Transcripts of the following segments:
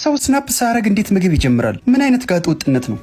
ሰው ስናፕ ሳያደርግ እንዴት ምግብ ይጀምራል? ምን አይነት ጋጥ ወጥነት ነው?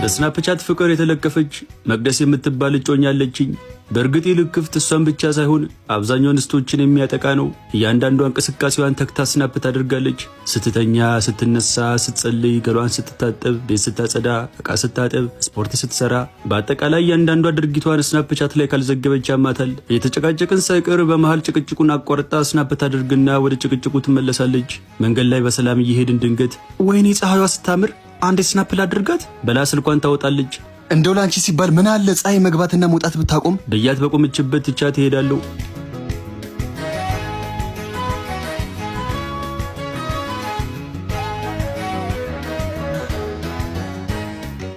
በስናፕቻት ፍቅር የተለቀፈች መቅደስ የምትባል እጮኛለችኝ በእርግጥ ይህ ልክፍት እሷን ብቻ ሳይሆን አብዛኛው እንስቶችን የሚያጠቃ ነው። እያንዳንዷ እንቅስቃሴዋን ተግታ ስናፕ አድርጋለች። ስትተኛ፣ ስትነሳ፣ ስትጸልይ፣ ገሏን ስትታጠብ፣ ቤት ስታጸዳ፣ እቃ ስታጠብ፣ ስፖርት ስትሰራ፣ በአጠቃላይ እያንዳንዷ ድርጊቷን ስናፕቻት ላይ ካልዘገበች ያማታል። የተጨቃጨቅን ሳይቀር በመሃል ጭቅጭቁን አቋርጣ ስናፕት አድርግና ወደ ጭቅጭቁ ትመለሳለች። መንገድ ላይ በሰላም እየሄድን ድንገት ወይኔ ፀሐዩ ስታምር አንድ ስናፕል አድርጋት በላ ስልኳን ታወጣለች። እንደው ላንቺ ሲባል ምን አለ ፀሐይ መግባትና መውጣት ብታቆም ብያት በቆምችበት ትቻ ትሄዳለሁ።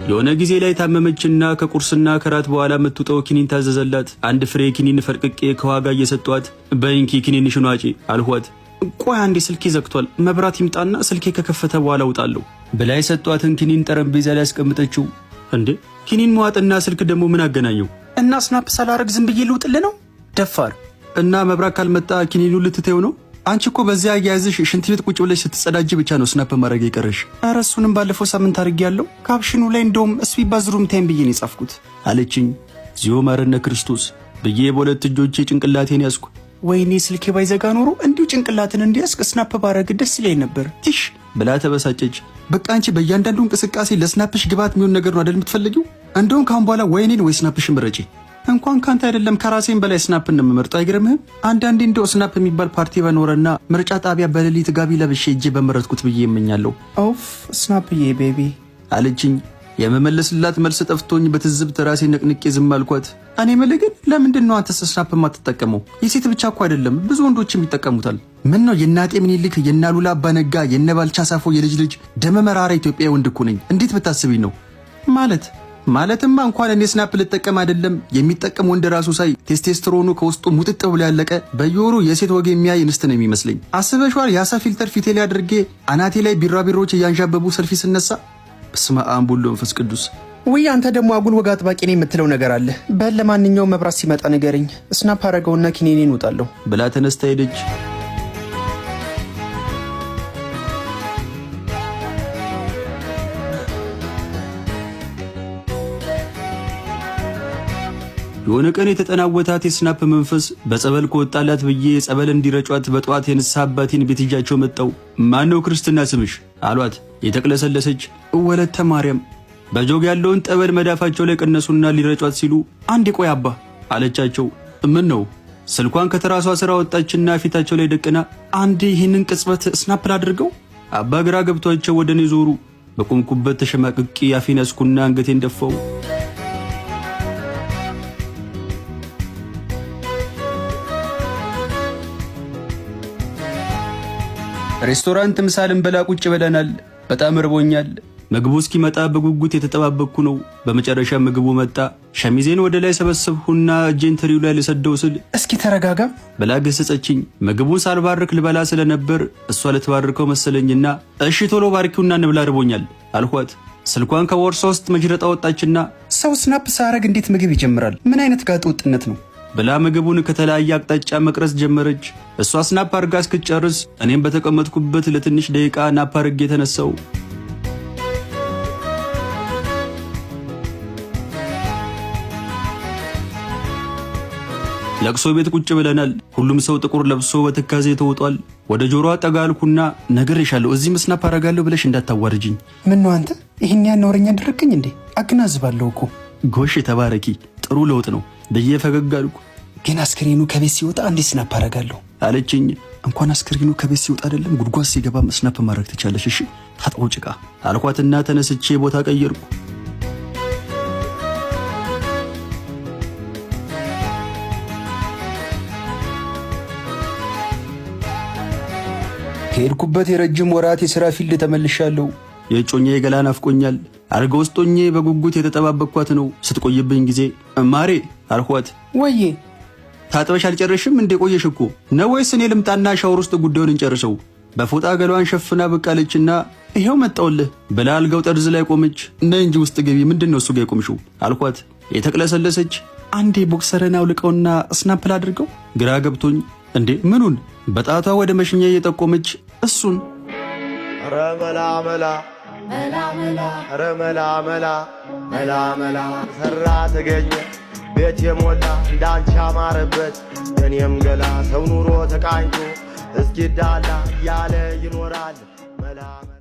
የሆነ ጊዜ ላይ ታመመችና ከቁርስና ከራት በኋላ የምትውጠው ኪኒን ታዘዘላት። አንድ ፍሬ ኪኒን ፈርቅቄ ከዋጋ እየሰጧት በእንኪ ኪኒን ሽኗጪ አልኋት። ቆይ አንዴ ስልኬ ዘግቷል፣ መብራት ይምጣና ስልኬ ከከፈተ በኋላ እውጣለሁ ብላ የሰጧትን ኪኒን ጠረጴዛ ላይ ያስቀምጠችው። እንዴ ኪኒን መዋጥና ስልክ ደግሞ ምን አገናኘው? እና ስናፕ ሳላረግ ዝም ብዬ ልውጥል ነው ደፋር። እና መብራት ካልመጣ ኪኒኑ ልትተው ነው? አንቺ እኮ በዚያ አያያዝሽ ሽንት ቤት ቁጭ ብለሽ ስትጸዳጅ ብቻ ነው ስናፕ ማድረግ የቀረሽ። ኧረ እሱንም ባለፈው ሳምንት አድርጌ ያለው ካፕሽኑ ላይ እንደውም እስቢ ባዝሩም ታይም ብዬን የጻፍኩት አለችኝ። ዚዮ ማረነ ክርስቶስ ብዬ በሁለት እጆቼ ጭንቅላቴን ያዝኩ። ወይኔ ስልኬ ባይዘጋ ኖሮ እንዲሁ ጭንቅላትን እንዲያስቅ ስናፕ ባረግ ደስ ይለኝ ነበር ሽ ብላ ተበሳጨች። በቃ አንቺ በእያንዳንዱ እንቅስቃሴ ለስናፕሽ ግብዓት የሚሆን ነገር ነው አይደል የምትፈልጊው? እንደውም ካሁን በኋላ ወይኔን ወይ ስናፕሽ ምረጪ። እንኳን ካንተ አይደለም ከራሴን በላይ ስናፕ እንደምመርጠው አይገርምህም? አንዳንዴ እንደው ስናፕ የሚባል ፓርቲ በኖረና ምርጫ ጣቢያ በሌሊት ጋቢ ለብሼ እጄ በመረጥኩት ብዬ እመኛለሁ። ኦፍ ስናፕዬ ቤቢ አለችኝ። የመመለስላት መልስ ጠፍቶኝ በትዝብት ራሴ ነቅንቄ ዝም አልኳት። እኔ ምል ግን ለምንድን ነው አንተ ስናፕ የማትጠቀመው? የሴት ብቻ እኮ አይደለም ብዙ ወንዶችም ይጠቀሙታል። ምን ነው የናጤ ምኒልክ የናሉላ አባነጋ የነባልቻ ሳፎ የልጅ ልጅ ደመመራራ ኢትዮጵያ ወንድ እኮ ነኝ። እንዴት ብታስብኝ ነው ማለት ማለትማ እንኳን እኔ ስናፕ ልጠቀም አይደለም የሚጠቀም ወንድ ራሱ ሳይ ቴስቴስትሮኑ ከውስጡ ሙጥጥ ብሎ ያለቀ በየወሩ የሴት ወግ የሚያይ እንስት ነው የሚመስለኝ። አስበሽዋል? የአሳ ፊልተር ፊቴ ላይ አድርጌ አናቴ ላይ ቢራቢሮዎች እያንዣበቡ ሰልፊ ስነሳ። በስመ አብ ወወልድ ወመንፈስ ቅዱስ ውይ አንተ ደግሞ አጉል ወግ አጥባቂ ነው የምትለው ነገር አለ። በል ለማንኛውም መብራት ሲመጣ ንገረኝ። ስናፕ አረገውና ኪኔኔ እንውጣለሁ ብላ ተነስታ ሄደች። የሆነ ቀን የተጠናወታት የስናፕ መንፈስ በጸበል ከወጣላት ብዬ የጸበል እንዲረጯት በጠዋት የንስሐ አባቴን ቤት እጃቸው መጣው። ማነው ክርስትና ስምሽ አሏት። የተቅለሰለሰች ወለተ ማርያም በጆግ ያለውን ጠበል መዳፋቸው ላይ ቀነሱና ሊረጯት ሲሉ አንድ ቆይ አባ አለቻቸው። ምን ነው? ስልኳን ከተራሷ ስራ ወጣችና ፊታቸው ላይ ደቅና አንድ ይህንን ቅጽበት ስናፕል አድርገው? አባ ግራ ገብቷቸው ወደ እኔ ዞሩ። በቆምኩበት ተሸማቅቂ አፌን አንገቴን ደፋው። ሬስቶራንት ምሳልን በላ ቁጭ ብለናል። በጣም እርቦኛል። ምግቡ እስኪመጣ በጉጉት የተጠባበቅኩ ነው። በመጨረሻ ምግቡ መጣ። ሸሚዜን ወደ ላይ ሰበሰብሁና እጄን ትሪው ላይ ልሰደው ስል እስኪ ተረጋጋ ብላ ገሰጸችኝ። ምግቡን ሳልባርክ ልበላ ስለነበር እሷ ልትባርከው መሰለኝና እሺ ቶሎ ባርኪውና እንብላ ርቦኛል አልኳት። ስልኳን ከቦርሳ ውስጥ መጅረጣ ወጣችና ሰው ስናፕ ሳረግ እንዴት ምግብ ይጀምራል? ምን አይነት ጋጥ ወጥነት ነው ብላ ምግቡን ከተለያየ አቅጣጫ መቅረጽ ጀመረች። እሷ ስናፕ አርጋ እስክትጨርስ እኔም በተቀመጥኩበት ለትንሽ ደቂቃ ናፕ አርጌ የተነሳው ለቅሶ ቤት ቁጭ ብለናል። ሁሉም ሰው ጥቁር ለብሶ በትካዜ ተውጧል። ወደ ጆሮዋ ጠጋ አልኩና ነግሬሻለሁ፣ እዚህ ምስናፕ አደርጋለሁ ብለሽ እንዳታዋርጅኝ። ምን ነው አንተ ይህን ያን ነውረኛ አደረግከኝ እንዴ? አገናዝባለሁ እኮ ጎሽ፣ ተባረኪ። ጥሩ ለውጥ ነው ብዬ ፈገግ አልኩ። ግን አስክሬኑ ከቤት ሲወጣ አንዴ ስናፕ አደርጋለሁ አለችኝ። እንኳን አስክሬኑ ከቤት ሲወጣ አይደለም ጉድጓዝ ሲገባ ስናፕ ማድረግ ትቻለሽ። እሺ ታጥቦ ጭቃ አልኳትና ተነስቼ ቦታ ቀየርኩ። ከሄድኩበት የረጅም ወራት የሥራ ፊልድ ተመልሻለሁ። የእጮኛ የገላን ናፍቆኛል። አልጋ ውስጥ ሆኜ በጉጉት የተጠባበቅኳት ነው። ስትቆይብኝ ጊዜ ማሬ አልኋት። ወዬ ታጥበሽ አልጨረሽም እንዴ? ቆየሽ እኮ ነው ወይስ እኔ ልምጣና ሻወር ውስጥ ጉዳዩን እንጨርሰው? በፎጣ ገሏን ሸፍና ብቅ አለችና ይኸው መጣውልህ ብላ አልጋው ጠርዝ ላይ ቆመች። ነይ እንጂ ውስጥ ገቢ ምንድን ነው እሱ ጋ የቆምሽው አልኳት። የተቅለሰለሰች አንዴ ቦክሰረን አውልቀውና ስናፕል አድርገው ግራ ገብቶኝ እንዴ ምኑን? በጣቷ ወደ መሽኛ እየጠቆመች እሱን ረመላመላ መላ ረመላ መላ መላ መላ ሰራ ተገኘ ቤት የሞላ እንዳንቺ አማረበት የኔም ገላ ሰው ኑሮ ተቃኝቶ እስኪዳላ ያለ ይኖራል መላ